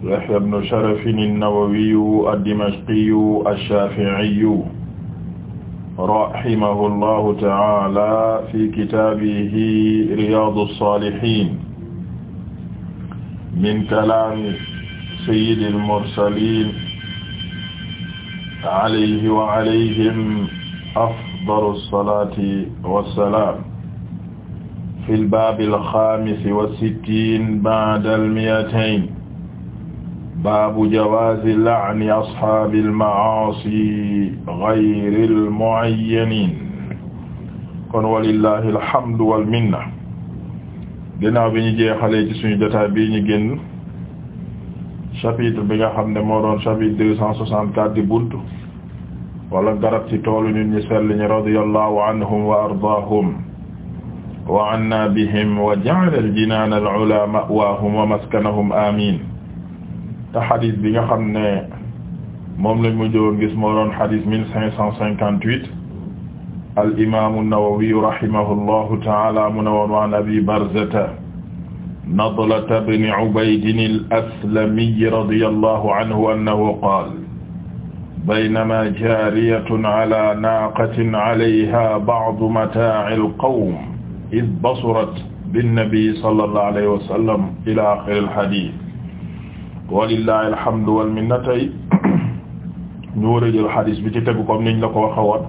Yahya ibn Sharaf an-Nawawiyu ad-Dimashqiyu ash-Shafi'iyu rahimahullahu ta'ala fi kitaabihi Riyaadu s-Saalihiin min kalaami sayyidil mursaliin alayhi wa alayhim afdalu s-salaati wa s-salaam fil baabil xaamis wa sittiin ba'dal mi'atayn baabu jawaazi la'ni asxaabil ma'aasi gayril mu'ayyaniin kon walillaahi alhamdu wal minna ginnaaw bi ñu jeexalee ci suñu jotaay bii ñu génn chapitre bi nga xam ne moo doon chapitre deux cent soixante-quatre di bunt wala garab ci toolu ñun ñi sell ñi radiyallaahu anhum wa ardaahum wa annaa bihim wa ja'ala al-jinaana al-'ulaa ma'waahum wa maskanahum amiin te xadis bi nga xam ne moom lañ mu jowoon gis moo doon xadis mille cinq cent cinquante-huit al imaamu Nawawi rahimahullahu ta'ala mu ne woon waan abi barzata nadlata bni ubaydin al-aslamiy radiyallahu anhu annahu qaala baynama jaariyatun ala naaqatin alayha ba'du mataa'il qawm iz basurat bin nabi sallallahu alayhi wa sallam ila aaxiril hadiis walillahi alhamdu wal minna tey ñu war a jël xadis bi ci tegu comme niñ la ko waxe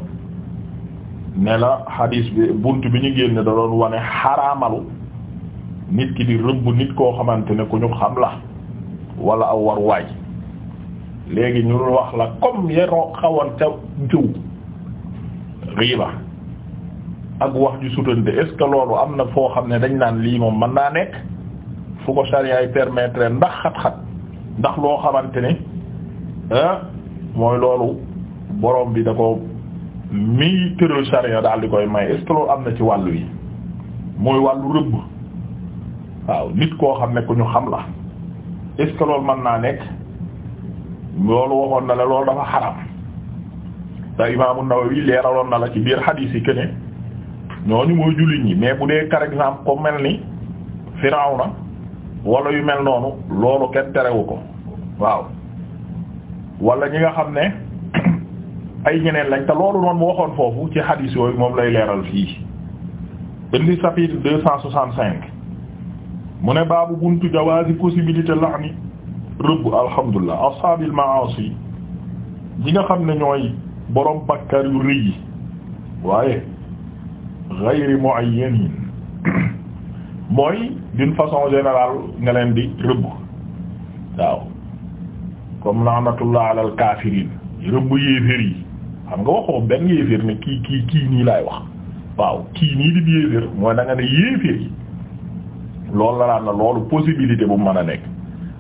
ne la xadiis bi bunt bi ñu génne da doon wane xaraamalu nit ki di rëbb nit koo xamante ne ku ñu xam la wala aw war waay léegi ñu wax la comme yeroo xawoon ca jëw riiba ak wax ju sutante est loolu am na foo xam ne dañ naan lii moom mën naa nekk fu ko sariyaay permettre ndax xat-xat ndax loo xamante ne mooy loolu boroom bi da ko mi tëral charia daal di koy may est am na ci wàll yi mooy wàllu rëbb waaw nit koo xam ne ku ñu xam la est ce loolu mën naa nekk loolu waxoon na la loolu dafa xaram te Imaamu Nawawi leeraloon na la ci biir xadiis yi que ne ñooñu mooy jullit ñi mais bu dee par exemple ko mel ni na wala yu mel noonu loolu kenn terewu ko waaw wala ñi nga xam ne ay ñeneen lañ te loolu noonu mu waxoon foofu ci hadith yooyu moom lay leeral fii indi chapitre deux cent soixante cinq mu ne baabu buntu jawaazi possibilité laxni rëbb alhamdulilah ashaabil maasi ñi nga xam ne ñooy borom bakkar yu rëy yi waaye ghayri muayyanin mooy d'une façon générale nga leen di rëbb waaw comme laanatullah alal kaafiriin rëbb yéeféer yi xam nga waxoo benn yéeféer ne kii kii kii nii laay wax waaw kii nii di yéeféer mooy da ne yéeféer yi lool la daan na loolu possibilité bu mën a nekk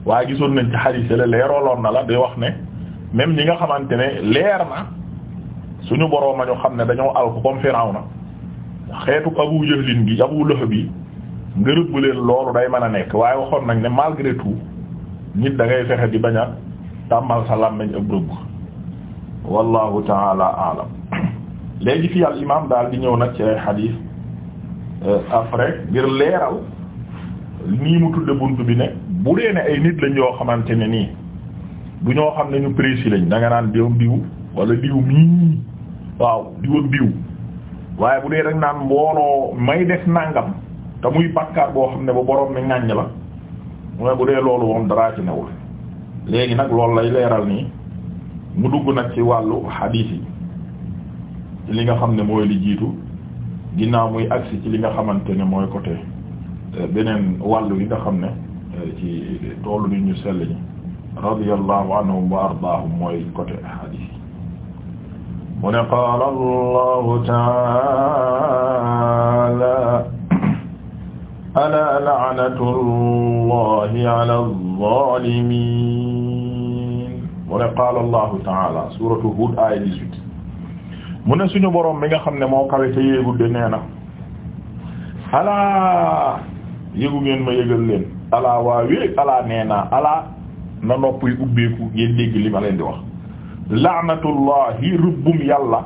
waaye gisoon nañ ci xarit la leeraloon na la di wax ne même ñi nga xamante ne leer na suñu boroom a ñu xam ne dañoo alku comme Firawna xeetu Abu Jahlin gi Abu Lahab bi nga rëbb leen loolu day mën a nekk waaye waxoon nañ ne malgré tout nit da ngay fexe di bañ a tàmmal sa làmmiñ ëpp rëbb wallahu taala alam léegi fi al imam daal di ñëw nag ci ay xadiis euh, après ngir leeral nii mu tudde bunt bi ne bu dee ne ay nit lañ yoo xamante ne nii du ñoo xam ne ñu précis lañ da nga naan diw diw wala diw mii waaw diw ak diw waaye bu dee rek naan mbooloo may def nangam te muy bàkkaar boo xam ne bu borom mi ŋàññ la mooy bu dee loolu woon daraa ci newul léegi nag loolu lay leeral nii mu dugg nag ci wàllu xadiis yi ci li nga xam ne mooy li jiitu ginnaaw muy agsi ci li nga xamante ne mooy côté euh, beneen wàllu yi nga xam ne euh, ci toolu ni ñu sell ñi radiyallahu anhum wa ardaahum mooy côté xadiis mu ne qaala allahu taala alaa la'natullahi ala zaalimiin mu ne qaala allahu taala suuratu Huud aaya 18 mu ne suñu borom mi nga xam ne moo kawe te yéegul de nee alaa yéegu ngeen ma yégal leen alaa waawee alaa nee alaa na nopp yi ubbeeku ngeen dégg li ma di wax la'natullahi rëbbum yàlla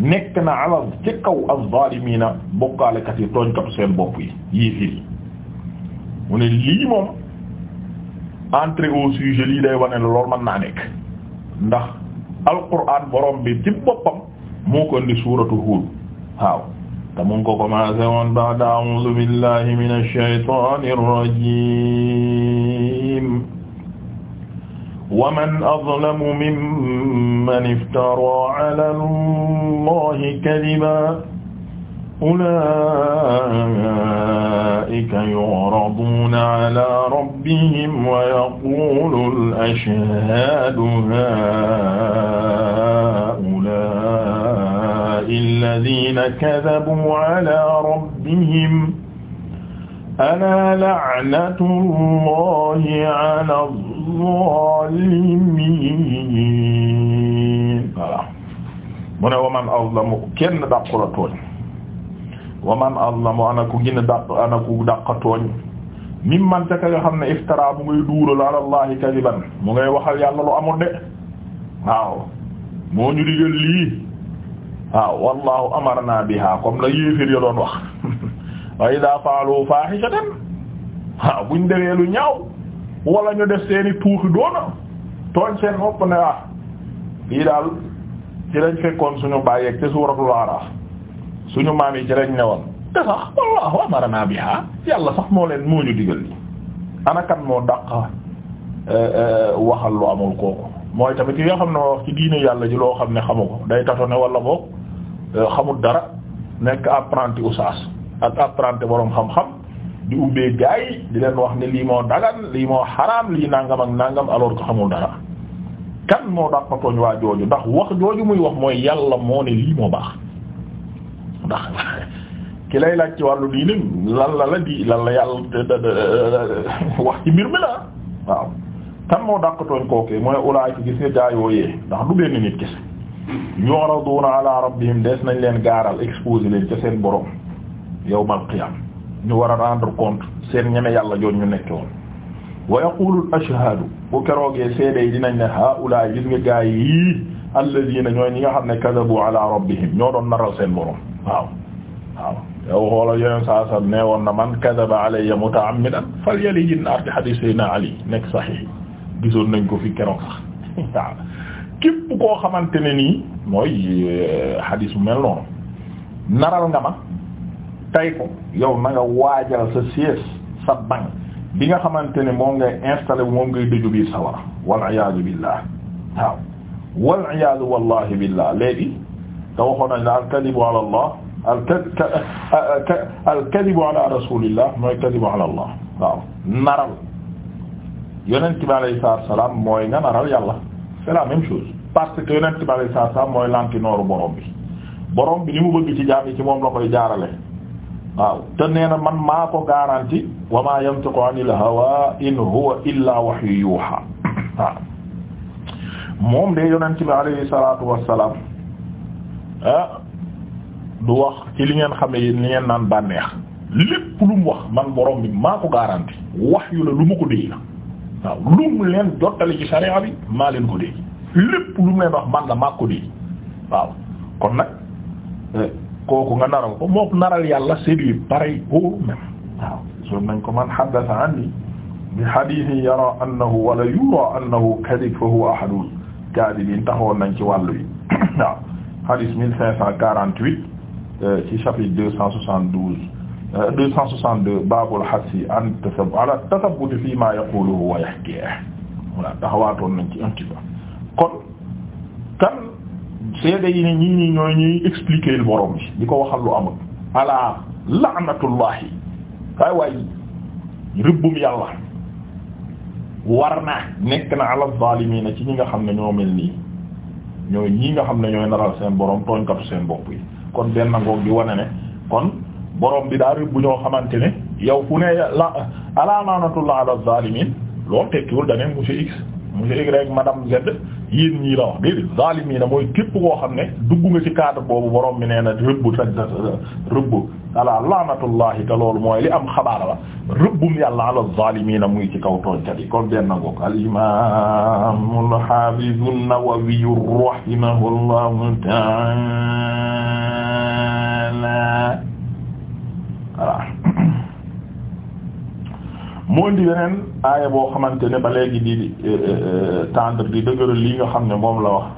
nekk na alal ci kaw az-zaalimiina bokkaalekat yi tooñkatu seen bopp yi yii firi mu ne lii moom entrer au sujet lii day wane lool mën naa nekk ndax alquran borom bi ci boppam moo ko indi suuratu Huud waaw te mu ngi ko commencé woon ba'da a'uuzu billahi minash shaytaanir rajiim waman azlamu mimman iftara ala allahi kadiba ulaika yuraduna ala rabbihim wa yaqulu al-ashhadu haa'ulaa'i alladhina kadhabu ala rabbihim ala la'natullahi ala zaalimiin voilà mu ne waman kenn dàqu la tooñ waman azlamu ana ku gën a ana ku dàq tooñ mimman ca nga xam ne iftara mu ngay duural ala kadiban mu ngay waxal yàlla lu amul de waaw moo ñu digal lii waaw wallahu amarna biha comme la yéefir ya doon wax wa idaa faalu faahishatan waaw buñ defee lu ñaaw wala ñu def seeni tuuxi doona tooñ seen bopp ne ah lii daal ci lañ fekkoon suñu bàyyeeg te suuratul Araf suñu maam yi ci lañ newoon te sax wallahu amarna biha yàlla sax moo leen moo ñu digal li anakan moo dàq eh, eh, waxal lu amul kooku mooy tamit yi nga xam ne moo wax ci diine yàlla ji loo xam ne xamu ko day tato ne wala boog eh, xamul dara nekk apprenti oustaz ak apprenti boroom xam-xam di ubbee gars yi di leen wax ne lii moo dagan lii moo xaraam lii nangam ak nangam alors que xamul dara kan moo dàqatooñ waa jooju ndax wax jooju muy wax mooy yàlla moo ne lii moo baax ndax ki lay laaj ci wàllu diine lan la la di lan la yàlla wax ci mbir mi la waaw kan moo dàqatooñ kookee mooy ulaay ci gis nga jaayooyee ndax du benn nit gis yuraduna ala rabbihim des nañ leen gaaral exposé leen ca seen borom yawmal qiyam ñu war a rendre compte seen ñeme yàlla joon ñu nekkoon wa yaqulu al ashhadu bu keroogee seede yi dinañ ne haula gis nga gaay yi alladina ñooy ñi nga xam ne kadabu ala rabbihim ñoo doon naral seen borom waaw waaw yow xoolal yeneen saa sal nee woon na man kadaba alayya mutaammidan falyalihi naar bi hadith sayna ali nekk sahih gisoon nañ ko fi keroog sax waaw képp koo xamante ne nii mooy eh, hadith bu mel noonu naral nga ma tay ko yow na waajal sa siège sa banc bi nga xamante ne moo ngay installé bu moom ngay dëju biir sawara waliyasu billah waaw waliyasu wallahi billah léegi te waxoon nañ la alkadibu ala alkadibu ala rasulillah mooy kadibu ala allah waaw naral yonent bi alayhi salaatu salaam mooy nga naral yàlla c'est la même parce que yonent bi alayhi salaatu salaam mooy lanti nooru borom bi borom bi li mu bëgg ci jaam ci moom la koy jaarale waaw te nee man maa ko garanti wa ma yantiqu anil hawa in huwa illa wahyu yuha waaw moom de yonent bi alayhi salaatu wassalaam ah du wax ci li ngeen xame yéen li ngeen naan bànneex lépp lu mu wax man borom bi maa ko garanti wahyu la lu mu ko déy la waaw lu mu leen jottali ci sariya bi maa leen ko déy lépp lu mu leen wax man la maa ko déy waaw kon nag eh, kooku nga naral ko mook naral yàlla c'est du pareil au même waaw soo nañ ko man haddatha anni bi hadithin yara annahu wala yura annahu kadhib fa huwa ahadul kadhibin taxoon nañ ci wàllu yi waaw hadith mille cinq cent quarante-huit euh, ci chapitre deux cent soixante-douze euh, deux cent soixante-deux baabul hasi an tasab ala tasabbut fi ma yaquluhu wa yahkihi voilà taxawaatoon nañ ci un petit peu kon kan seede yi ne ñii ñi ñooy ñuy expliquer lu bi di ko waxal lu amul ala laanatullahi waay waay rëbbum yàlla war na nekk na ala zaalimiina ci ñi nga xam ne ñoo mel nii ñooy ñii nga xam ne ñooy naral seen borom tooñkatu seen bopp yi kon benn ngoog di wane ne kon boroom bi daa rëbb ñoo xamante ne yow fu ne la ala laanatullah ala zaalimiin loolu tekkiwul da ne monsieur X. monsieur Y madame Z yéen ñii la wax déedéet zaalimiina mooy képp koo xam ne duggu nga ci cadre boobu borom mi nee na rëbb ta rëbb ala laanatullahi te mooy li am xabaar la rëbbum yàlla ala zaalimiina muy ci kaw moo indi beneen aaya boo xamante ne ba léegi di eh, eh, eh, tendre di dëgëral li nga xam ne moom la wax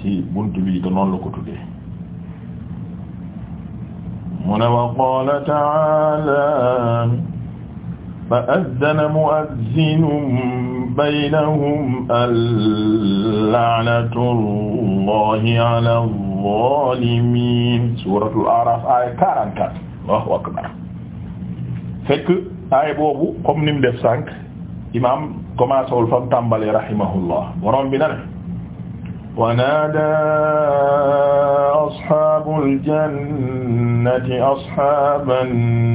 ci buntu bi te noonu la ko tuddee mu ne wa qaala ta'aala fa addana mu'adzinun baynahum al-la'natu llahi ala zaalimiin suuratul A'raaf aaya 44 Allahu akbar fekk aay boobu comme ni mu def sànq imaam commencé wul fa mu tàmbalee rahimahullah borom bi na ne wa naadaa ashaabul jannati ashaaban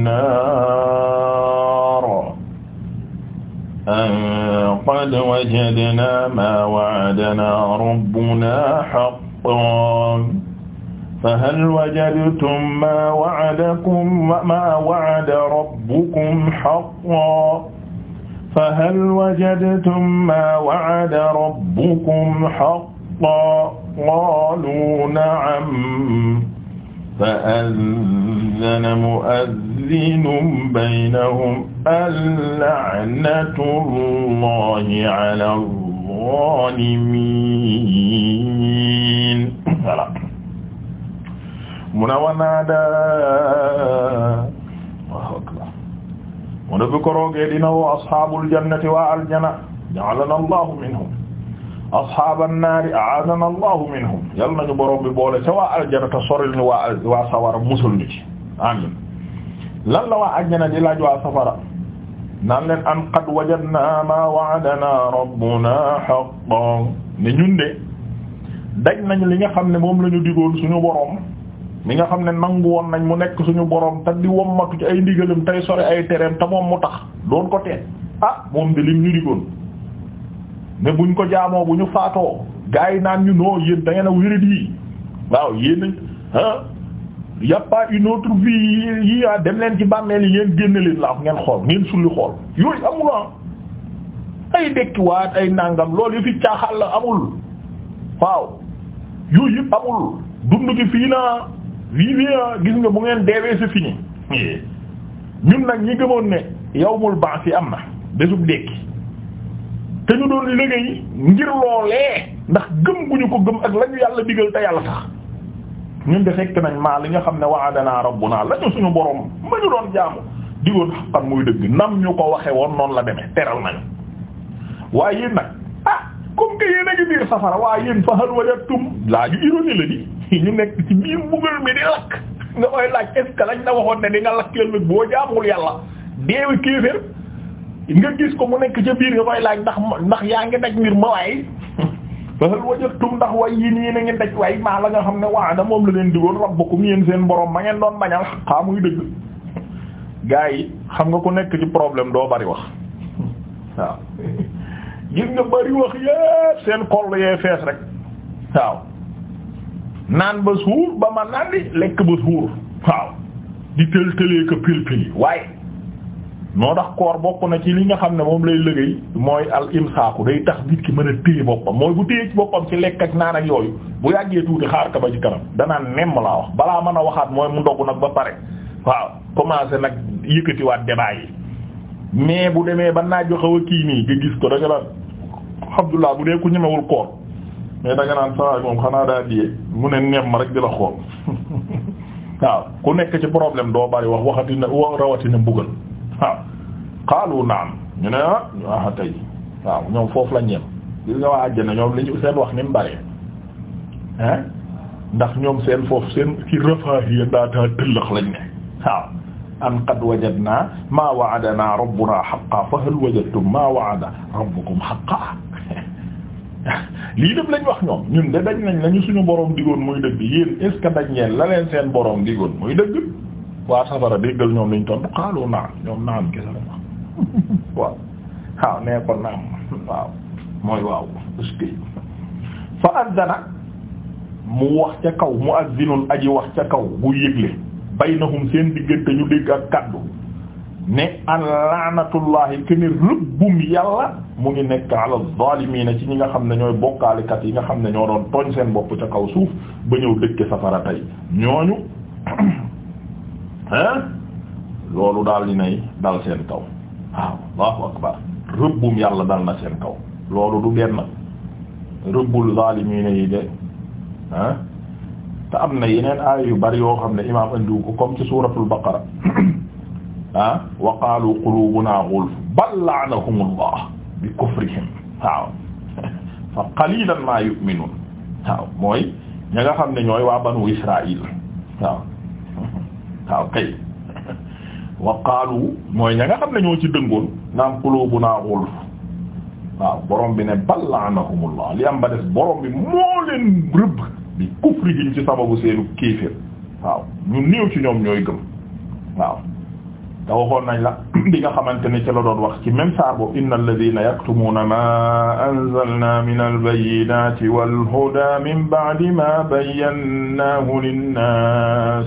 naar an qad wajadnaa maa wa'adanaa rabbunaa haqqan فهل وجدتم ما وعدكم ما وعد ربكم حقا فهل وجدتم ما وعد ربكم حقا قالوا نعم فأذن مؤذن بينهم اللعنة الله على الظالمين voilà mu ne wanaada waaw akbar mu ne bu ko roogee dina woo ashaabul jannati waa aljana ja'alana allahu minhum ashaaban naari a'aadana allahu minhum yal nañu borom bi boole ca waa aljana te soril ñu waa waa sawara musul ñu ci amiin lan la waa aljana di laaj waa safara naan leen an qad wajadna ma wa'adana rabbuna haqqan ne ñun de daj nañ li nga xam ne moom la ñu digoon suñu borom mi nga xam ne nangu woon nañ mu nekk suñu boroom te di wommatu ci ay ndigalam tey sore ay tereem te moom mu tax doon ko teet ah moom de lim ñu digoon ne buñ ko jaamoo bu ñu faatoo gars naan ñu noo yéen da ngeen a wérit yi waaw yéen ah y a pas yi ah dem leen ngeen génne leen laaf ngeen xool ngeen sulli xool yooyu ah. ay dekkiwaat ay nàngam loolu yu caaxal la amul waaw yooyu amul dund gi fii naa vivez gis nga bu ngeen deewee c'est fini ñun nag ñi gëmoon ne yawmul baax yi am na bésub dekki te ñu doon liggéey ngir loolee ndax gëm bu ñu ko gëm ak lañu yàlla digal te yàlla tax ñun de fekk nañ maa li nga xam ne wa'adana rabbuna lañu suñu borom ma ñu doon jaamu digoon xaqan muy dëgg nam ñu ko waxe woon noonu la demee teral nañu waaye yéen nag comme que yéen a ngi biir safara waaye yéen fa hal wajadtum laa ju ironie la di nekk ci biir mbugal mi di lakk nga koy laaj est-ce lañ la waxoon ne di nga lakk ëllëg boo jaamul yàlla deewi kéefér nga gis ko mu nekk ca biir nga koy laaj ndax ndax yaa ngi daj mbir ma waaye fa hal wajadtum ndax way yi nii na ngeen daj way maa la nga xam ne waada moom la leen di digoon rabbukum yéen seen borom ma ngeen doon bañal xaa muy dëgg gaa yi xam nga ko nekk ci doo bari wax gis nga bari wax yépp seen xol yee fees rek waaw naan ba suur ba man naan lekk ba suur waaw di tël tëlee ko pil pil yi waaye noo tax koor bokk na ci li nga xam ne moom lay liggéey mooy al imsaaku day tax nit ki mën a téye boppam mooy bu téye ci boppam ci lekk ak naan ak yooyu bu yàggee tuuti xaar ka ba ci kanam danaan nemm laa wax balaa mën a waxaat mooy mu ndogg nag ba pare waaw commencé nag yëkkatiwaat débat yi mais bu demee ba naaj xaw a kii gis ko da nga Abdullah bu dee ku ñemewul koor mais da nga naan saa moom xanaa daa diyee mu ne neem ma rek di la xool waaw ku nekk ci problème doo bari wax waxati na rawatina mbugal waaw xaalu naam ñu ne ah tey waaw ñoom foofu la ñeem gis nga waa àjjana ñoom li ñu seen wax ni mu bëree ndax ñoom seen foofu seen ci rafahiya ndaataa tëllëx lañ ne waaw an qad wajadna maa wa'adana rabbuna haqqan fa hal wajadtum maa wa'ada rabbukum haqqan lii dëpp lañ wax ñoom ñun de daj nañ lañu suñu borom digoon muy dëgg yéen est ce que la leen seen borom digoon muy dëgg waa safara déggal ñoom liñ tontu xaaloo naan ñoom naan gis nañ ko waaw waaw nee ko naam waaw mooy waaw fa addana mu wax ca kaw mu addinul aji wax ca kaw bu yëgle baynahum seen diggante ñu dégg ak kaddu. ne an laanatullahi ke ni rëbbum yàlla mu ngi nekk ala zaalimiina ci ñi nga xam ne ñooy bokkaalikat yi nga xam ne ñoo doon tooñ seen bopp ca kaw suuf ba ñëw dëkke safara tey ñooñu hein loolu daal di nay dal seen kaw waaw allahu akbar rëbbum yàlla dal na seen kaw loolu du benn rëbbul zaalimiina yi de hein te am na yeneen aaya yu bari yoo xam ne imaam andiwu ko comme ci suuratul baqara ah wa qaalu qulubuna ghulf bal la'anahum allah bi kufrihim waaw fa qalilan ma yu'minun waaw mooy ña xam ne ñooy waa banu israil waaw kay wa qaalu mooy ñanga xam ne ñoo ci dëngoon naam qulubuna ghulf waaw borom bi ne bal la'anahumullah li am ba des borom bi moo leen rëbb bi kufrihim ci sababu seenu kéeféer waaw ñu néew ci ñoom ñooy gëm waaw da waxoon nañ la li nga xamante ne ci la doon wax ci même saar boobu inna alladina yaktumuna ma anzalna min albayinati walhuda min ba'di ma bayyannaahu linnas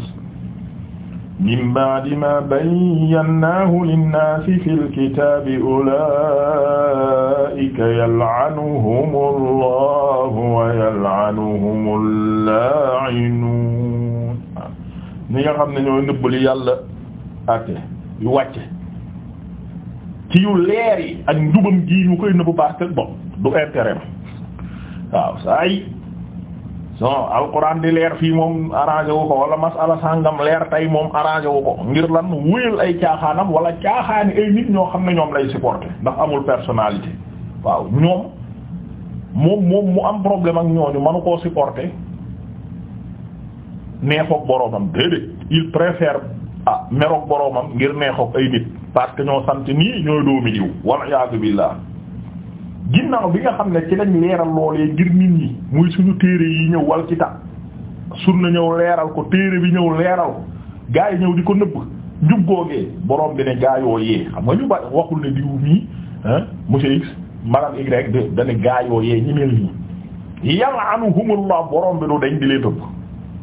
min ba'di ma bayyannaahu linnaasi fil kitaabi ulaa'ika yal'anuhumu allahu wa yal'anuhumu laa'inuun ñi nga xam ne ñoo nëbb li yàlla ate yu wàcce ci yu leer yi ak ndubam gii ñu koy nëbbu parce que bon du intérêt waaw saa yi non alquran di leer fii moom arrangé wu ko wala masala sàngam leer tey moom arrangé wu ko ngir lan wéyal ay caaxaanam wala caaxaani ay nit ñoo xam ne ñoom lay supporter ndax amul personnalité waaw ñoom moom moom mu am problème ak ñooñu manu koo supporter nee foog boroomam déedéet il préfère ah meroog boromam ngir neexoog ay nit parce que ñoo sant nii ñooy doomi diw wal iyaadu billaah ginnaaw bi nga xam ne ci lañ leeral loolee ngir nit ñi muy suñu téere yi ñëw wal ci ta sunna ñëw leeral ko téere bi ñëw leeral ko yi ñëw di ko nëbb njub googee boroom bi ne gaa yee xam nga ñu ba waxul ne diw mii monsieur X madame Y de dane gaa yoo yee ñi mel nii yal'anuhumullah boroom bi du dañ di leen ëpp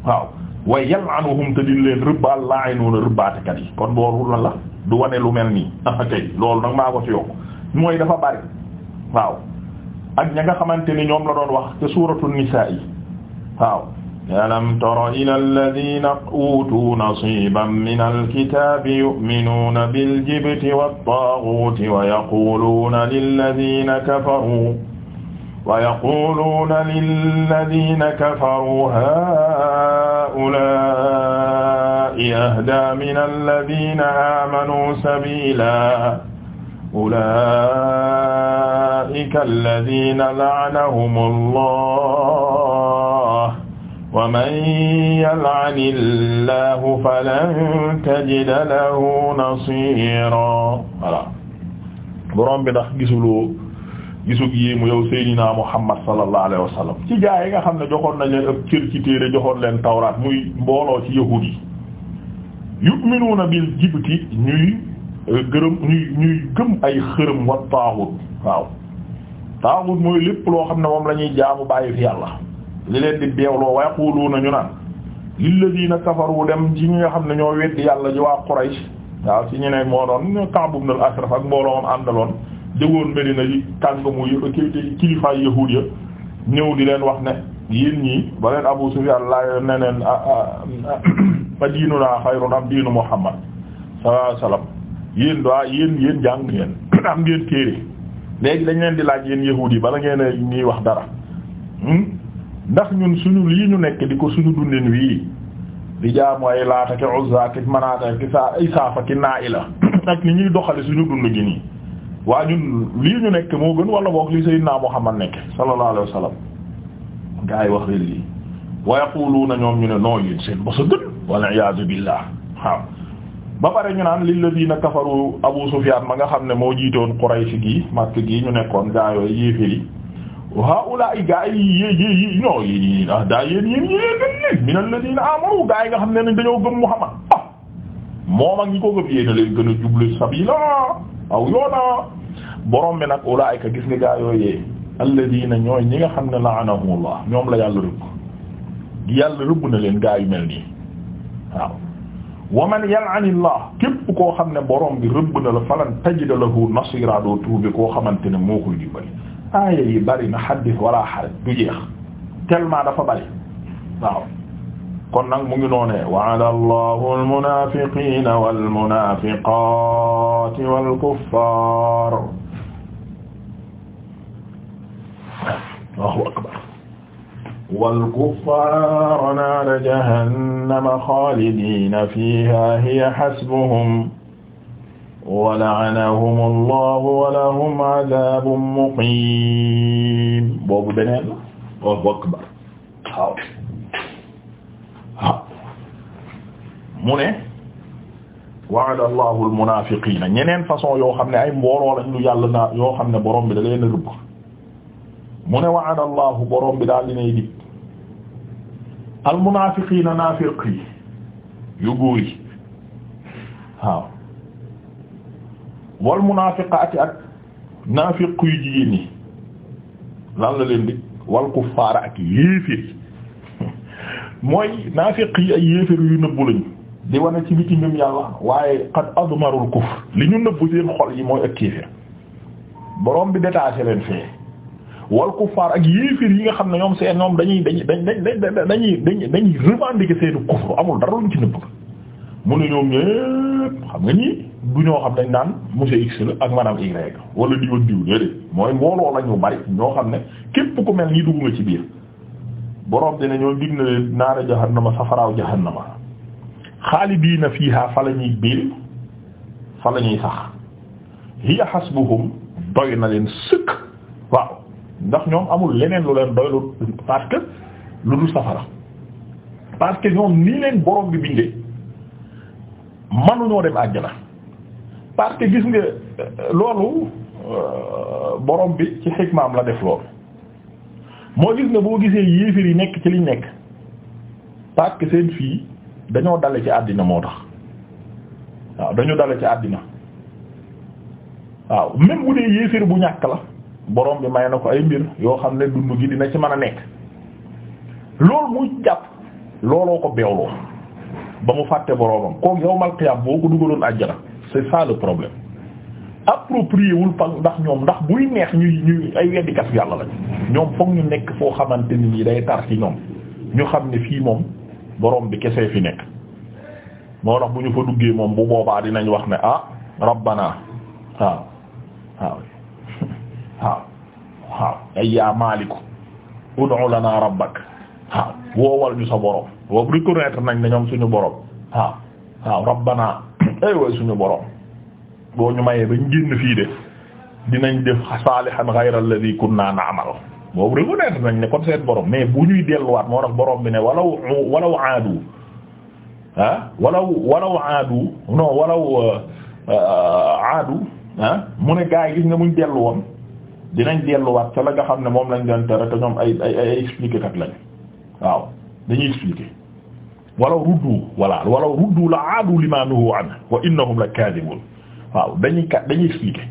waaw wa yal'anuhum te di leen rëbbaal laa'inuuna rëbbaatekat yi kon loolu la la du wane lu mel nii ah kay loolu nag maa ko ci yokk mooy dafa bari waaw ak ña nga xamante ni ñoom la doon wax te suuratu nisaa yi waaw alam tara ila alladina utuu nasiban min alkitabi yuminuuna biljibti wattaaguuti wa yaquluuna lilladina kafaru wa yaquluuna lilladiina kafaruu haa'ulaa'i ahdaa mina alladiina aamanuu sabiilaa ulaa'ika alladiina la'anahumu llaah wa man yal'ani llaahu falan tajida lahu nasiiraa voilà borom bi ndax gisuloo gisug yéemu yow Seydina Muhammad sallallahu alayhi wa sallam ci gaa yi nga xam ne joxoon nañ leen ab cër ci téere joxoon leen tawraat muy mbooloo ci yahuud yi yu'minuuna bil jibti ñuy euh, gërëm ñuy ñuy gëm ay xërëm wa taaxut waaw taaxut mooy lépp loo xam ne moom la ñuy jaamu bàyyi fi yàlla li leen di beewloo wa yaquluuna ñu naan lilladiina kafaru dem ci ñi nga xam ne ñoo weddi yàlla ji waa Quraysh waaw ci ñu ne moo doon Ka'b ibn al-Ashraf ak mbooloo moom jógoon Medina yi kàng muy kilifa yahuud ya ñëw di leen wax ne yéen ñii ba leen Abu Sufyaan laa ne leen ah, ah, diinu naa xayrun am diinu Muhammad sallallahu alayhi wasallam yéen daa yéen yéen jàng am ngeen téere léegi dañ leen di laaj yéen yahuud yi bala ngeen a wax dara hmm? ñun suñu lii ñu nekk di ko suñu dundin wii di jaamu ay laata ki Uzza ki Manaata ki sa Isaafa ki ñuy doxale suñu dund gi nii waa ñun lii ñu nekk moo gën wala boog li sayyidina Muhammad nekk sallallahu alayhi wa sallam gaa yi wax leen lii wa yaquluuna ñoom ñu ne noo yéen seen bos a gën wal iyaadu billah waaw ba pare ñu naan lilladiina kafaru Abu Sufyaan ma nga xam ne moo jiitoon Quraysh gii Makka gii ñu nekkoon gaa yooyu yéeféer yi haula yi gaa yi yé yé yi non ah daa yéen yéen gën leen min alladina amanu gaa yi nga xam ne nañ dañoo gëm Muhammad ah moom ak ñi gën a jublu aw yoona borom bi nag ulaayka gis nga gaa yooyee alladina ñooy ñi nga xam ne la'anahumullah ñoom la yàlla rëbb yàlla rëbb na leen gaa yu mel nii waaw wa man yal'anillah képp koo xam ne borom bi rëbb na la falan tajida lahu nasira doo trouver koo xamante ne moo koy dimbali aaya yi bari na xaddis wala xarit du jeex tellement dafa bari waaw kon nag mu ngi noonee wa'ada allahu almunafiqina walmunafiqati walkuffar allahu akbar walkuffara naara jahannama xaalidina fiha hiya hasbuhum wa la'anahum allahu wa lahum adabun muqim boobu beneen allahu akbar waaw mu ne wa'ada allahu almunafiqina ñeneen façon yoo xam ne ay mbooloo lañ yàlla yoo xam ne borom bi da leen rëbb mu ne wa'ada allahu borom bi daal li nay dig almunafiqina naafiq yi yu góor yi waaw wal munafiqaati ak naafiq yu leen dig wal kuffaara ak mooy naafiq ay yéeféer yu nëbbu lañu di wane ci biti ngëm yàlla waaye qad admarul kuf li ñu nëbbu seen xol yi mooy ak kéeféer borom bi détaché leen fee wal kuffaar ak yéeféer yi nga xam ne ñoom seen ñoom dañuy dañuy dañuy dañuy dañuy revendiquer seen kufr amul dara luñ ci nëbbu mu ne ñoom ñépp xam nga ñii du ñoo xam dañ naan monsieur X la ak madame Y wala diwa diw déedéet mooy mbooloo lañu bari ñoo xam ne képp ku mel nii dugg nga ci biir borom dina ñoo dig na leen naara jahannama safaraaw jahannama xaalidiina fiiha fa la ñuy biir fa la ñuy sax hiya hasbuhum doy na leen sëkk waaw ndax ñoom amul leneen lu leen doy lu que lu dul safara parce que ñoom nii leen borom bi bindee manuñoo dem àjjana parce que gis nga euh, loolu euh, boroom bi ci xikmaam la def loolu moo gis nga boo gisee yéefir yi nekk ci liñ nekk parce seen fii dañoo dale ci àddina moo tax waaw dañu dale ci àddina waaw même bu dee yéeféer bu ñàkk la boroom bi may na ko ay mbir yoo xam ne dund gi dina ci man a nekk lool mu jàpp looloo ko beewloo ba mu fàtte boromam kooku yowmal qiyaam boo ko dugaloon àjjana c'est ça le problème approprié wul pa ndax ñoom ndax buy neex ñuy ñuy ay weddikat yàlla lañ ñoom foog ñu nekk foo xamante ni ñi day tar ci ñoom ñu xam ne fii moom borom bi kese fi nekk moo tax bu ñu fa duggee moom bu boobaa dinañ wax ne ah rabbana waaw waaw waaw waaw ay yaa maaliku ud'u lana rabbak waaw woowal ñu sa borom boobu reconnaître nañ ne ñoom suñu borom waaw waaw rabbana ay way suñu borom boo ñu mayee bañ génn fii de dinañ def saalihan ghayra alladhi kunna na'mal boobu reconnaître nañ ne kon seen borom mais bu ñuy delluwaat moo tax borom bi ne walaw walaw aadu ah walaw aadu non walaw euh, aadu ah ne gaa yi nga muñ dellu woon dinañ delluwaat la nga xam ne moom lañ doon tere te ñoom ay ay ay expliqué kat lañ waaw dañuy expliqué ruddu la aadu lima nuhu an waaw dañuy kat dañuy expliqué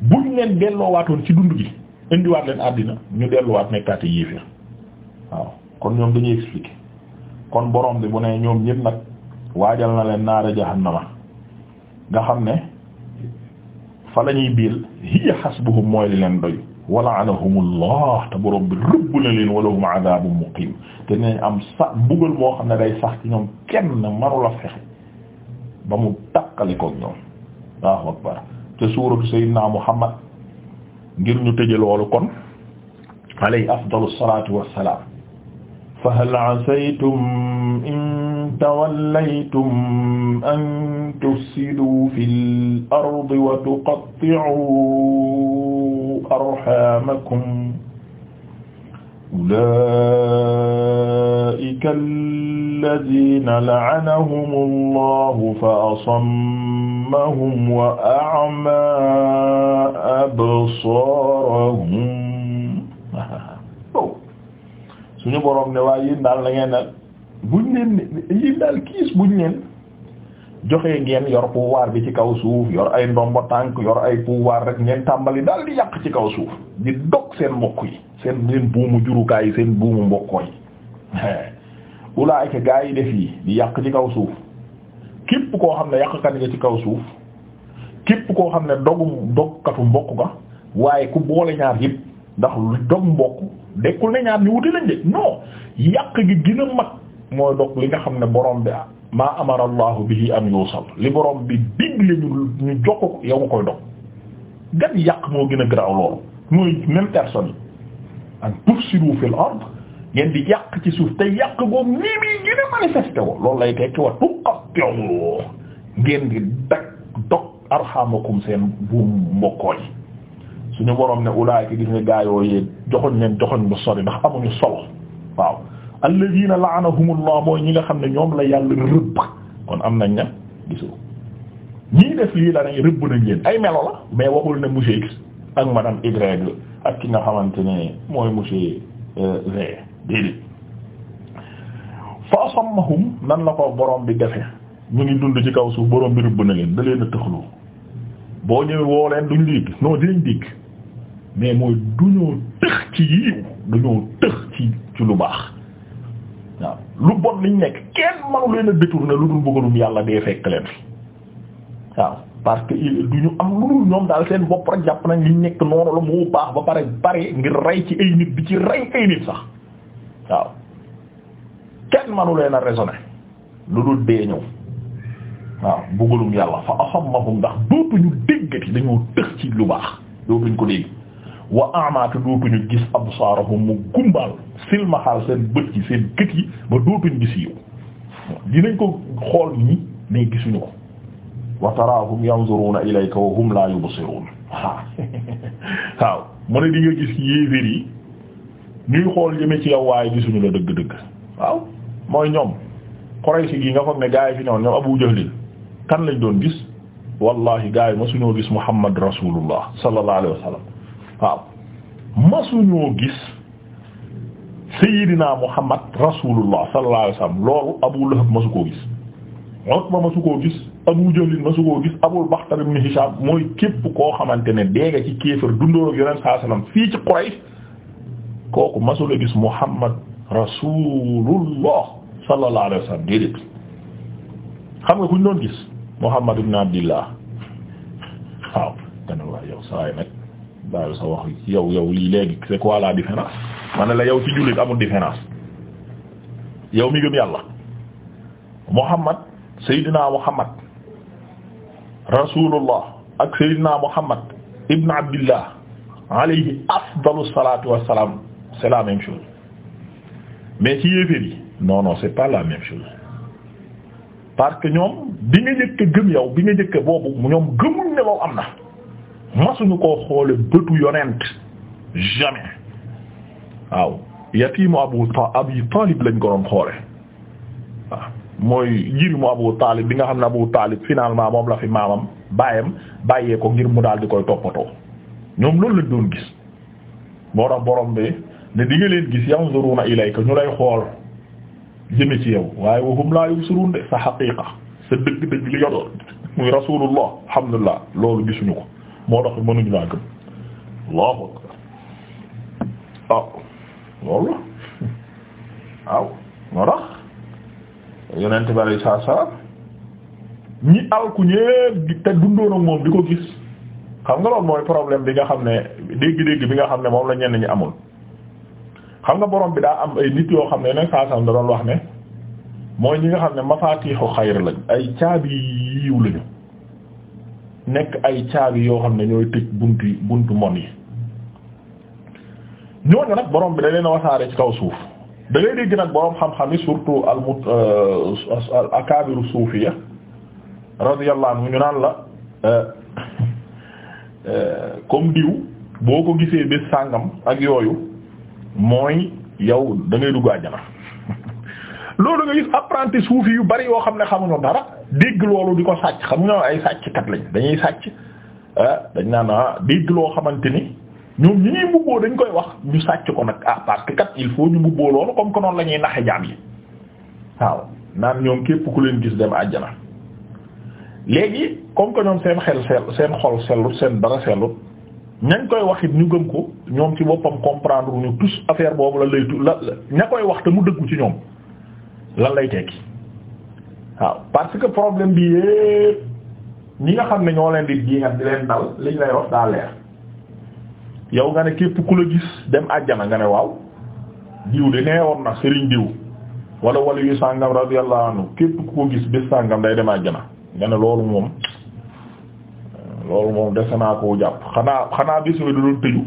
buñ leen delloowaatoon ci dund gi. indiwaat leen àddina ñu delluwaat nekkaati yéeféer waaw kon ñoom dañuy expliquer kon boroom bi bu ne ñoom ñëpp nag waajal na leen naara jahannama nga xam ne fa la ñuy biil hiya hasbuhum mooy li leen doy walaanahumullah te borom bi rëbb na leen walahum adabum muqim te dinañ am sa mbugal moo xam ne day sax ci ñoom kenn marula fexe ba mu takkale koog ñoom waaw akbar te suuratu sayyidina Muhammad ngir ñu tëje loolu kon alayhi afdalu salaatu wassalaam fa hal asaytum in tawallaytum an tufsidu fil ardi wa tuqatti'u arhamakum ulaa'ika allaziina la'anahumullahu fa asamm sam'ahum wa a'ma borom ne waaye yéen daal na ngeen ne buñ leen yéen daal kiis buñ leen joxee ngeen yor pouvoir bi ci kaw suuf yor ay ndombo tànk yor ay pouvoir rek ngeen tàmbali daal di yàq ci kaw suuf di dog seen mbokk yi seen seen buumu jurukaay yi seen buumu mbokkoo yi ulaayka gaa yi def yi di yàq ci kaw suuf képp koo xam ne yàqkat nga ci kaw suuf képp koo xam ne dogum dogkatu mbokk nga waaye ku boole ñaar yëpp ndax lu dog mbokk dekkul ne ñaar ñu wuti lañ de non yàq gi gën mag mooy dog li nga xam ne borom bi maa amara allahu bihi an yuusal li borom bi digle ñu ñu jox ko yow nga koy dog gan yàq moo gën a garaaw loolu mooy même personne yi an tufsidu fil ard ngeen di yàq ci suuf te yàq boobu nii mii gën a manifesté wo loolu lay tekki wa tuqattu ngeen di dag dog arhamakum seen buum mbokkoo yi suñu borom ne ulaayika gis nga gaayoo yee joxoñ leen joxoñ bu sori ndax amuñu solo waaw alladina la'anahumullah mooy ñi nga xam ne ñoom la yàlla rëbb kon am nañ na gisoo ñii def lii la ne rëbb nañ leen ay melo la mais waxul ne monsieur X ak madame Y ak ki nga xamante ne mooy monsieur euh, V déedéet fa asammahum nan la ko boroom bi defe ñu ngi dund ci kaw suuf borom bi rëbb na leen da leen a tëxloo boo ñëwee woo leen duñ digg non dinañ mais mooy duñoo tëx ci ci lu baax waaw lu bon liñ nekk kenn leen a détourner lu dul bëggalum yàlla dee fekk leen fi waaw parce que ñu am lu dul ñoom daal seen bopp rek jàpp nañ ñu nekk noonu la moo baax ba pare bare ngir rey ci ay nit bi ci rey ay nit sax waaw kenn manu leen a raisonner lu dul dee ñëw waaw buggalum yàlla fa asammahum ndax dootuñu déggati dañoo tëx ci lu baax dootuñ ko dégg wa amaata dootuñu gis absaarahum mu gumbaal silmaxaal seen bët yi seen kët yi ba dootuñ gis yiw dinañ ko xool nii mais gisuñu ko wa taraahum yanzuruna ilayka wa hum la yubsirun waaw mu ne di gis yéeféer yi ñuy xool jëme ci yow waaye gisuñu la dëgg-dëgg waaw mooy ñoom Quraysh gi nga foog ne gaa yi fi ñëwoon ñoom Abu Jahl kan lañ doon gis wallahi gaa yi masuñoo gis Muhammad rasulullah sallallahu alayhi wa sallam waaw masuñoo gis Seydina Muhammad rasulullah sallallahu alayhi wa sallam loolu Abu Lahab masu koo gis Utba masu koo gis Abu Jahl masu koo gis Abul Baxtar ibn Hisham mooy képp koo xamante ne dee nga ci kéefër dundoo ak Yonent sallallahu alayhi fii ci Quraysh kooku masula gis Muhammad rasulullah sallallahu alayhi wa sallam déedéet xam nga gis Muhammad ibn Abdillah waaw dana waaye yow saay nag bàyyi sa wax yow yow lii léegi c'est quoi la la yow ci jullit amul différence yow mi gëm yàlla Muhammad Seydina Muhammad rasulullah ak Seydina Muhammad ibn Abdillah alayhi afdalu salatu wassalam c'est la même chose mais ci yéeféer yi non c'est pas la même chose parce que ñoom bi nga njëkk gëm yow bi nga njëkk boobu ñoom gëmuñ ne am na masuñu ko xoole bëtu yonent jamais waaw yatiimu abu abi taalib lañ ko doon xoole waaw mooy njirimu abu taalib bi nga xam ne abu taalib finalement moom la fi maamam baayam bàyyee ko ngir mu daal di koy toppatoo ñoom loolu lañ doon gis moo tax bi ne di nga leen gis yanzuruna ilayka ñu lay xool jëme ci yow waaye wahum la yubsurun de sa xaqiqa sa dëgg-dëgg li yodoon muy rasulullah alhamdulillah loolu gisuñu ko moo tax mënuñu laa gëm allahu akbar waaw loolu waaw moo tax yonent bi alei saatu salam ñi alku te dundoon moom di ko gis xam nga loolu mooy problème bi nga xam ne dégg-dégg bi nga xam ne moom la ñeen ñi amul xam nga boroom bi daa am ay nit yoo xam ne nag saa saa da doon wax ne mooy ñi nga xam ne mafaatiixu xayr lañ ay caabi yiw lañu nekk ay caabi yoo xam ne ñooy tëj buntu buntu mon yi ñooñu nag boroom bi da leen a wasaare ci kaw suuf da ngay dégg nag borom xam-xam yi surtout euh, al mut akaabiru suufiya radiyallahu anhu ñu naan la euh, euh, comme diw boo ko gisee bés sàngam ak yooyu. mooy yow da ngay dugg àjjana loolu nga gis apprenti suufi yu bari yoo xam ne xamuñu dara dégg loolu di ko sàcc xam nga ay sàcckat lañ dañuy sàcc ah dañ naan ah dégg loo xamante ni ñoom ñi ñuy mbubboo dañ koy wax ñu sàcc ko nag ah parce que kat il faut ñu mbubboo loolu comme que noonu la ñuy naxe jaam yi waaw naan ñoom képp ku leen gis dem àjjana léegi comme que ñoom seen xel sel seen xol sellut seen dara sellut ñañ koy wax it ñu gëm ko ñoom ci boppam comprendre ñu tous affaire boobu la lay la ña koy wax te mu dëggu ci ñoom lan lay tekki waaw parce que problème bi yépp ñi nga xam ne ñoo leen di jiixat di leen dal liñ lay wax daa leer yow nga ne képp ku la gis dem àjjana nga ne waaw diw de nee woon na sëriñ diw wala wala yu sàngam radiyallahu anhu képp ku ko gis bés sàngam day dem àjjana nga ne loolu moom loolu moom dese ko jàpp xanaa xanaa bés yooyu da doon tëju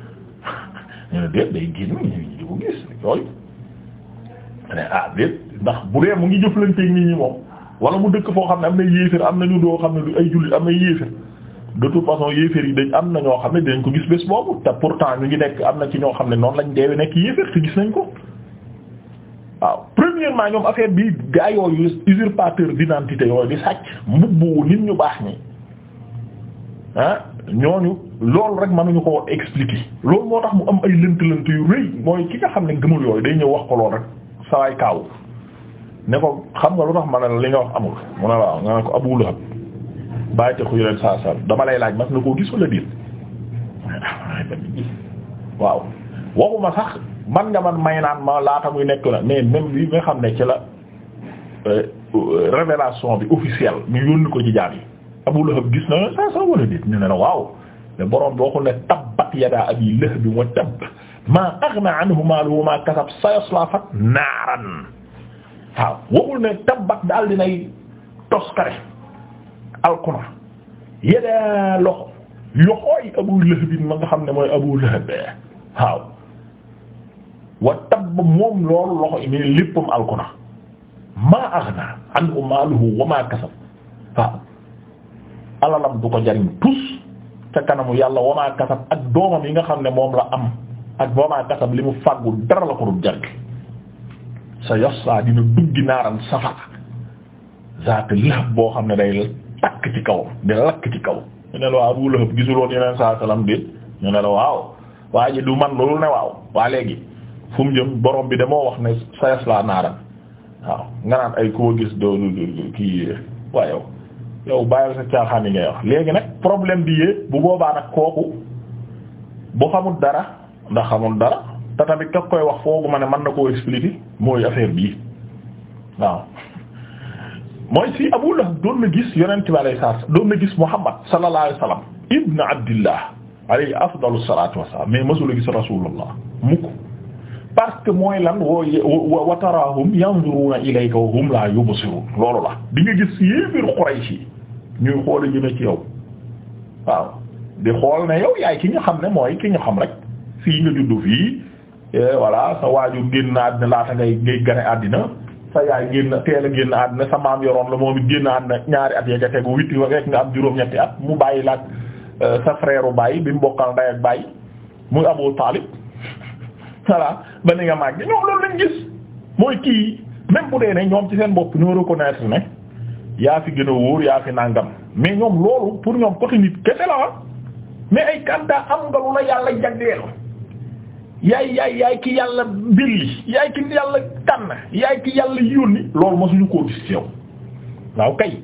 ñu ne déet day génn ñu di ko gis yooyu mais ah déet ndax bu dee mu ngi jëflanteeg nit ñi moom wala mu dëkk foo xam ne am na yéefér am nañu doo xam ne du ay jullit am na yéefér de toute façon yéefér yi dañ am na ñoo xam ne dañ ko gis bés boobu te pourtant ñu ngi nekk am na ci ñoo xam ne noonu lañ deewe nekk yéefér te gis nañ ko waaw premièrement ñoom affaire bi gaa yooyu usurpateur d'identité yooyu di sàcc mbubbu nit ñu baax ah ñooñu loolu rek mënuñu ko expliquer loolu moo tax mu am ay lënt-lënt yu rëy mooy ki nga xam ne gëmul yooyu day ñëw wax ko lool rek sawaay kaaw ne ko xam nga lu tax ma li nga wax amul mu ne waaw nga ne ko Abu Lahab bàyyi te xuy leen saa saa dama lay laaj mas na koo gis wala déet waaw waxuma sax man nga man may naan ma laata muy nekk la mais même bi nga xam ne ci la euh, révélation bi officielle ñu yónni ko ci jaar yi Abu Lahab gis na ne saa saa wala déet ñu ne la waaw te borom bi waxul ne tabbat yadaa abii lahabin wa tabb maa aghnaa anhu maaluhu wa maa kasab sayaslaa naaran waaw waxul ne tabbat daal dinay toskare alkuna yadaa loxo yoxooy Abu Lahabin ma nga xam ne mooy Abu Lahab waaw wa tabb moom loolu loxo yi mais léppam alkuna maa aghnaa anhu maaluhu wa maa kasab waaw. alalam du ko jariñ tus ca kanamu yàlla wamaa kasab ak doomam yi nga xam ne moom la am ak wamaa kasab li mu fàggul dara la ko dul jariñ sa yassa dina duggi naaran safara zaata lahab boo xam ne day takk ci kaw di lakk ci waaw saa salaam déet ñu ne waa ji du man loolu ne waaw waa léegi fu mu jëm borom bi damoo wax ne sa laa naaran waaw nga naan ay koo gis doo kii waaye yow bàyyil sa caaxaan yi ngay wax léegi nag problème bi yéeg bu boobaa nag kooku bu xamul dara ndax xamul dara te tamit ka koy wax foogu ma ne mën na koo expliquer mooy affaire bii waaw mooy si Abu Lahab doon na gis yonent bi alayhi salaam doon na gis Muhammad sallallahu alayhi wa sallam ibn Abdillah alayhi afdalu salaatu wa salaam mais mësula gis Rasulullah mukk parce que mooy lan wa wa taraahum yanzuruna ilayka wa hum la yubsirun loolu la di nga gis yéefir Quraysh yi ñuy xool a jëme ci yow waaw di xool ne yow yaay ki ñu xam ne mooy ki ñu xam rek fii nga juddu fii eh, voilà sa waajur génn àddina laata ngay ngay gane àddina sa yaay génn teel a génn àddina sa maam yoroon la moom it génn àddina ñaari at ya nga tegu witti rek nga am juróom-ñetti at mu bàyyi laaj eh, sa frère bàyyi bi mu ndey ak bàyyi voilà ba ni nga màgg ñoom loolu lañ gis mooy kii même bu dee ne ñoom ci seen bopp ñoo reconnaître ne yaa fi gën a wóor yaa fi nangam mais ñoom loolu pour ñoom côté nit kese ah. mais ay kanta am nga lu la yàlla jagleel yaay yaay yaay ki yàlla birli yaay ki yàlla tànn yaay ki yàlla yónni loolu ma suñu koo gis ci yow waaw kay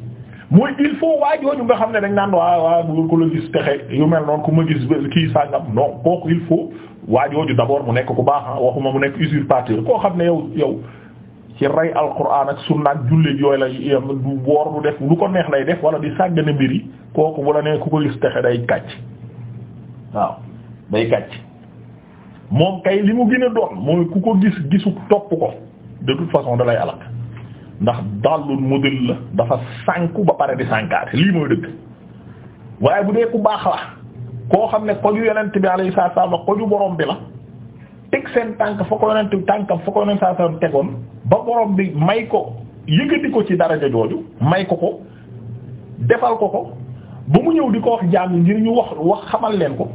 mooy il faut waa jooju nga xam ne dañ daan waa waa bu ko la gis texe yu mel noonu ku ma gis kii sàngam non kooku il faut waajooju d'abord mu nekk ku baax ah, waxuma mu nekk usurpateur koo xam ne yow yow ci rey alquran ak sunna ak jullit yooyu la eh, du woor du def lu ko neex lay def wala di sàggane mbir yi kooku bu la nee ku ko gis texe day kàcc waaw day kàcc moom kay li mu gën a doon mooy ku ko gis gisu topp ko de toute façon da lay alak ndax dallul modèle la dafa sànku ba pare di sànkaate lii mooy dëgg waaye bu dee ku baax la koo xam ne koju yonent bi alayhi salaam ak koju borom bi la teg seen tànk fa ko yonent tànkam fa ko yonent salaam tegoon ba borom bi may ko yëkkati ko ci daraja jooju may ko ko defal ko ko ba mu ñëw di ko wax jaam yi ngir ñu wax wax xamal leen ko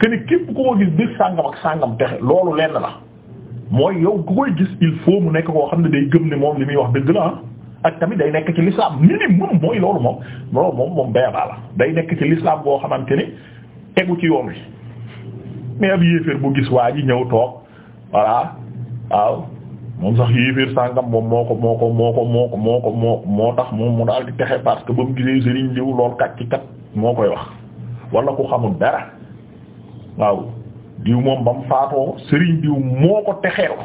que ni képp ku ko gis biir sàngam ak sàngam texe loolu lenn la mooy yow ku koy gis il faut mu nekk koo xam ne day gëm ne moom li muy wax dëgg la ah, ak tamit day nekk ci l'islam ni ni moom mooy loolu moom day nekk ci l'islam boo xamante ni tegu ci yoon wi mais ab yéeféer bu gis waa ji ñëw toog voilà waaw moom sax yéeféer sàngam moom moo ko moo ko moo ko moo ko moo ko moo moo tax moom mu daal di texe parce que ba mu gisee sëriñ diw lool kat ci kat moo koy wax wala ku xamul dara waaw diw moom ba mu faatoo sëriñ diw moo ko texeel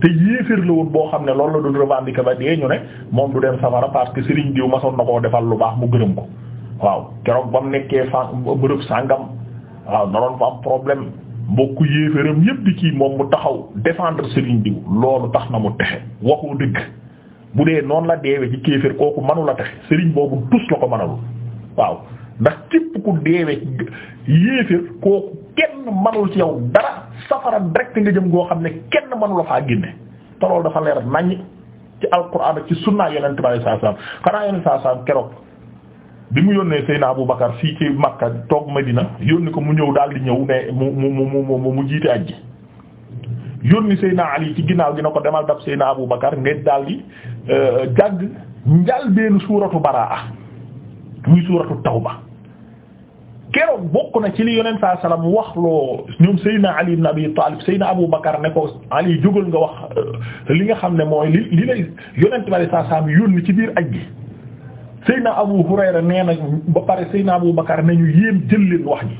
te yéeféer la woon boo xam ne loolu la doon revendiquer ba dee ñu ne moom du dem safara parce que sëriñ diw masoon na koo defal lu baax mu gërëm ko waaw keroog ba mu nekkee fa bërëb sàngam waaw naroon fa am problème mbokku yéeféram yépp di kii moom mu taxaw défendre Serigne diw loolu tax na mu texe waxoo dëgg bu dee noonu la deewe ci kéefér kooku manula texe Serigne boobu tus la ko manalul waaw ndax képp ku deewe yéefér kooku kenn manul ci yow dara safara direct nga jëm goo xam ne kenn manula faa génne te loolu dafa leer naññ ci alquran ak ci sunna yonent bi sallallahu alayhi wasallam xanaa yonent sallallahu alayhi bi mu yónnee Seyna Abu Bakar fii ci Makka toog Medina yónni ko mu ñëw daal di ñëw ne mu mu mu mu mu jiite aji yónni Seyna Ali ci ginnaaw gi na ko demal dab Seyna Abu Bakar ngay daal di euh, jàgg njal suuratu baraa muy suuratu tawba keroog bokk na ci li yonent saa salaam wax loo ñoom Seydina Ali ibn Abi Talib Seydina Abu Bakar ne ko Ali jógal nga wax euh, li nga xam ne mooy li li lay yonent bi saa salaam yónni ci biir aj gi Seyna Abu Hurayra nee na ba pare Seyna Abu Bakar nañu yéen jël leen wax ji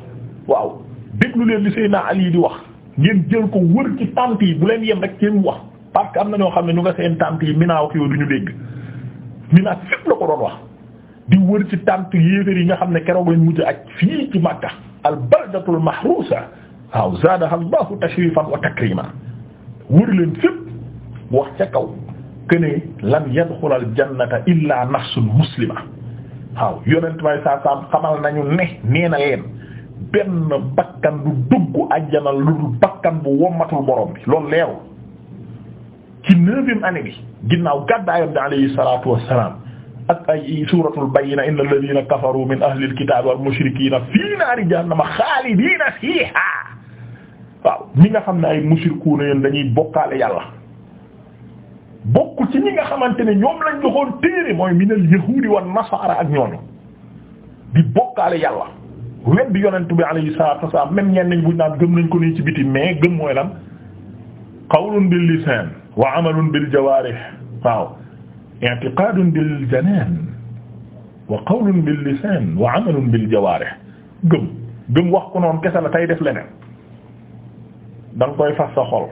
waaw déglu leen li Seyna Ali di wax ngeen jël ko wër ci tànt yi bu leen yem rek seen wax parce que am na xam ne ñu nga seen tànt yi minaa wax yow du ñu dégg minaa fépp la ko doon wax di wër ci tànt yéeféer yi nga xam ne keroog lañ mujj ak fii ci Makka al baldatul mahrusa waaw zaadaha Allahu tashrifan wa takrima wër leen fépp wax ca kaw këne lan yadxul al jannata illa nafsun muslima waaw yonent bay saa saam xamal nañu ne nee na leen benn bakkan du dugg àjjana lu dul bakkan bu wommatul borom bi loolu leerul ci neuvième année bi ginnaaw gàddaayam bi alayhi salaatu wassalaam ak ay suuratul bayyina inna alladhina kafaru min ahlil kitaabi wal mushrikiina fii naari jahannama xaalidiina fiihaa waaw ñi nga xam ne ay mushrikuuna yéen dañuy bokkaale yàlla bokk ci ñi nga xamante ne ñoom lañ joxoon téere mooy minal yahuudi wan nasaara ak ñooñu di bokkaale yàlla wedd yonent bi alayhi salaatu wasalaam même ñenn ñi buñ naan gëm nañ ko nii ci biti mais gëm mooy lan qawlun bil lisaan wa amalun bil jawaarih waaw i'tiqaadun bil janaan wa qawlun bil lisaan wa amalun bil jawaarih gëm gëm wax ko noonu kese la tey def leneen da koy fas sa xol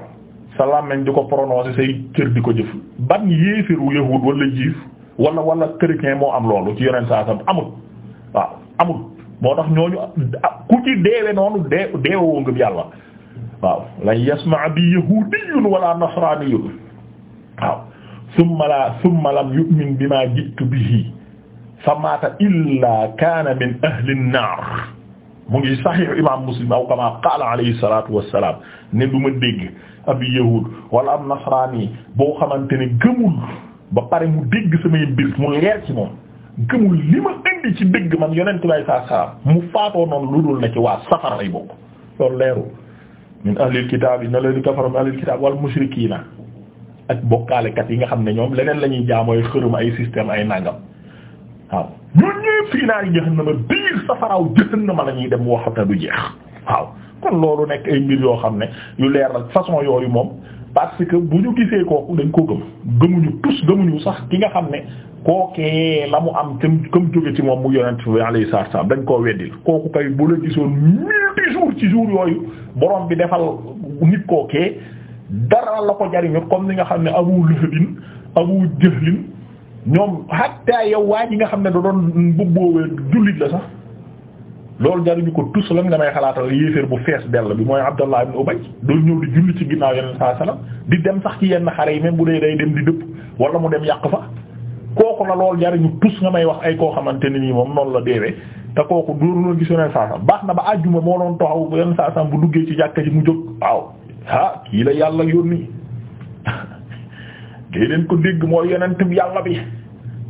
sa làmmiñ di ko prononcer say cër di ko jëf ban yéefiru yahud wala jiif wala wala chrétien moo am loolu ci yeneen saa sam amul waaw amul moo tax ñooñu ah, ku ci deewe noonu dee deewoo ngëm yàlla waaw lan yasmaa bi yahudiyyun wala nasraniyyun waaw summa la summa lam yu'min bima ji'tu bihi fa maata illa kaana min ahli an-naar mu ngi saxiix imaam muslim aw kama qaala alayhi salaatu wassalaam ne du ma dégg ab yahuud wala am nasraani boo xamante ne gëmul ba pare mu dégg samay mbir mu leer ci moom gëmul li ma indi ci dégg man yonent bay sa salaam mu faatoo noonu lu dul na ci waa safara lay bokk loolu leerul min ahlil kitaab na leen di kafara min ahlil kitaab wal mushrikiina ak bokkaalekat yi nga xam ne ñoom leneen la ñuy jaamoy xërëm ay système ay nangam waaw ñun ñëpp fii naari jahannama biir safaraaw jahannama la ñuy dem waxata du jeex waaw kon loolu nekk ay mbir yoo xam ne yu leer la façon yooyu moom parce que bu ñu gisee kooku dañ ko gëm gëmuñu tous gëmuñu sax ki nga xam ne kookee la mu am tam comme jóge ci moom mu yonent bi alayhi salaatu salaam dañ koo weddil kooku kay bu la gisoon multi jours ci jours yooyu borom bi defal nit kookee dara la ko jariñu comme ni nga xam ne Abu Lahabin Abu Jahlin ñoom hatta yow waa ji nga xam ne da doon mbubboowee jullit la sax loolu jaruñu ko tus lan nga may xalaatal yéeféer bu fees dell bi mooy Abdallah ibn Ubay doon ñëw di julli ci ginnaaw yeneen saa na di dem sax ci yenn xare yi même bu dee day dem di dëpp wala mu dem yàq fa kooku la loolu jaruñu tus nga may wax ay koo xamante ne nii moom noonu la deewee te kooku dóoru la gis yeneen saa salaam baax na ba àjjuma moo doon taxaw yeneen saa salaam bu duggee ci jàkka ji mu jóg waaw ah kii la yàlla yónni dee leen ko dégg mooy yonent yàlla bi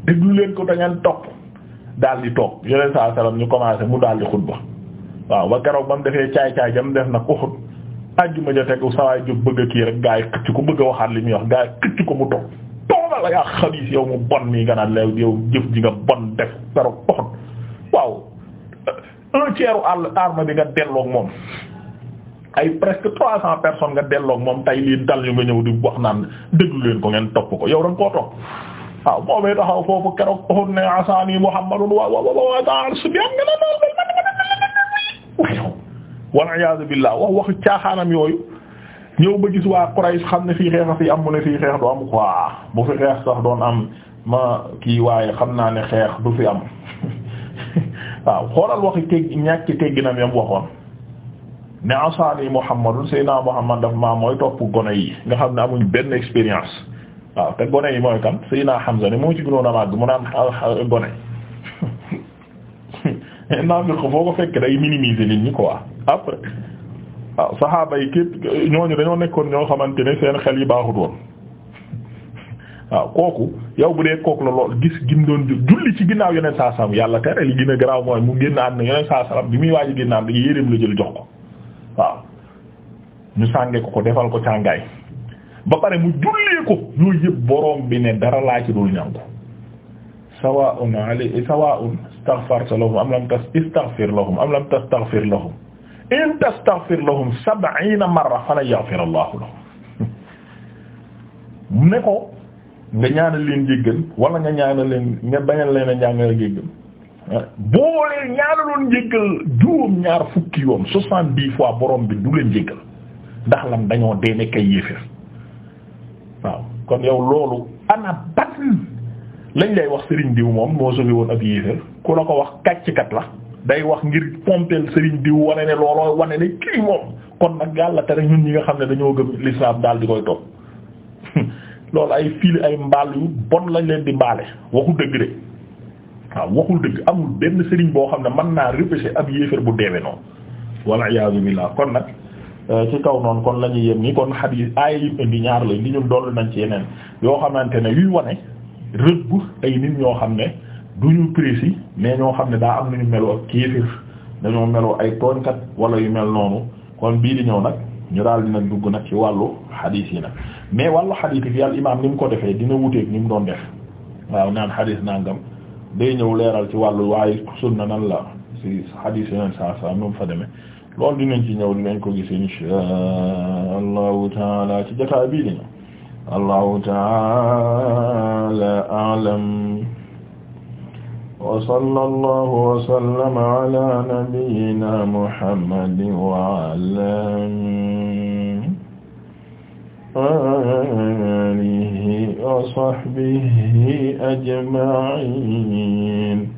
déglu ko dangeen ngeen topp daal di toog yeneen saa salaam ñu commencé mu daal di xutba waaw ba keroog ba mu defee caay caay jam def nag Uhud àjjuma ja tegu sawaay jóg bëgg a kii rek gaa yi ko bëgg a waxaat li muy wax gaa yi ko mu toog toogal a yaa xabiis yow mu bon mii nga naan la yow jëf ji nga bon def keroog Uhud waaw un tiers àll arme bi nga delloog moom ay presque trois cents personnes nga delloog moom tey lii dal ñu nga ñëw di wax naan déglu leen ko ngeen topp ko yow da koo topp waaw moomee taxaw foofu keroog oxut ne asaani muhammadun waaw waaw waaw waaw daa Sufyaan nga naan waxu caaxaanam yooyu ñëw ba gis waa Quraysh xam ne fii xeex a fi am mu ne fii xeex du am quoi fi xeex sax doon am ma kii waaye xam naa ne xeex du fi am waaw xoolal waxi teg na tegginam yam waxoon ne asaani muhammadun seyna muhammad daf maa mooy topp gone yi nga xam ne amuñ benn expérience waaw te gone yi mooy kan Seydina Hamza ne moo ci gënoon a màgg mu naan gone ko foo ko fekk day minimiser nit ñi quoi après dañoo nekkoon ñoo xamante ne xel yi baaxut woon kooku yow bu dee kooku la lool gis ci ginnaaw yeneen saa salaam yàlla tere li gën a bi muy waaj a génn ànd la jël jox ko waaw ñu sànge ko ko defal ko càngaay ba pare mu jullee ko yooyu yëpp borom bi ne dara laa ci dul ñangu sawaa'un alayhi sawaa'un istaghfarta lahum am lam tastaghfir lahum am lam tastaghfir lahum in tastaghfir lahum sab'iina marra falan yaghfira Allahu lahum ne ko nga ñaanal leen jéggal wala nga ñaanal leen nga bañal leen a ñaanal jéggal boo leen ñaanaloon jéggal juróom ñaar fukki yoon soixante-dix fois borom bi du leen jéggal ndax lam dañoo dee nekk ay yéeféer waaw kon yow loolu ana batn lañ lay wax sëriñ diw moom moo sofi woon ab yéeféer ku la ko wax kàcckat la day wax ngir pompeel sëriñ diw wane ne looloo wane ne kii moom kon nag yàlla tere ñun ñi nga xam ne dañoo gëm l'islam daal di koy topp loolu ay fili ay mbaal yu bon lañ leen di mbaale waxu dëgg de waaw waxul dëgg amul benn sëriñ boo xam ne man naa repêcher ab yéeféer bu deewee noonu walla iyaazu billaah kon nag Euh, ci kaw noonu kon la ñuy yem ni kon xadiis aaya yim indi ñaar la indi ñun dolli nañ ci yeneen yoo xamante ne yuy wane rëbb ay nit ñoo xam ne duñu précis mais ñoo xam ne daa am nañu meloo ak kéefir dañoo meloo ay tooñkat wala yu mel noonu kon bii di ñëw nag ñu daal di dugg nag ci wàllu xadiis yi nag mais wàllu xadiis yi fi al imaam ni mu ko defee dina wuteek ni mu doon def waaw naan xadiis nangam day ñëw leeral ci wàllu waaye sunna nan la si xadiis yeneen saa saa nu mu fa demee loolu dinañ ci ñëw dinañ ko gis insha allahu taala ci jotaay bii di ñëw allahu taala a'lam wa sallallahu wa sallama ala nabiyyina muhammadin wa ala alihi wa sahbihi ajma'in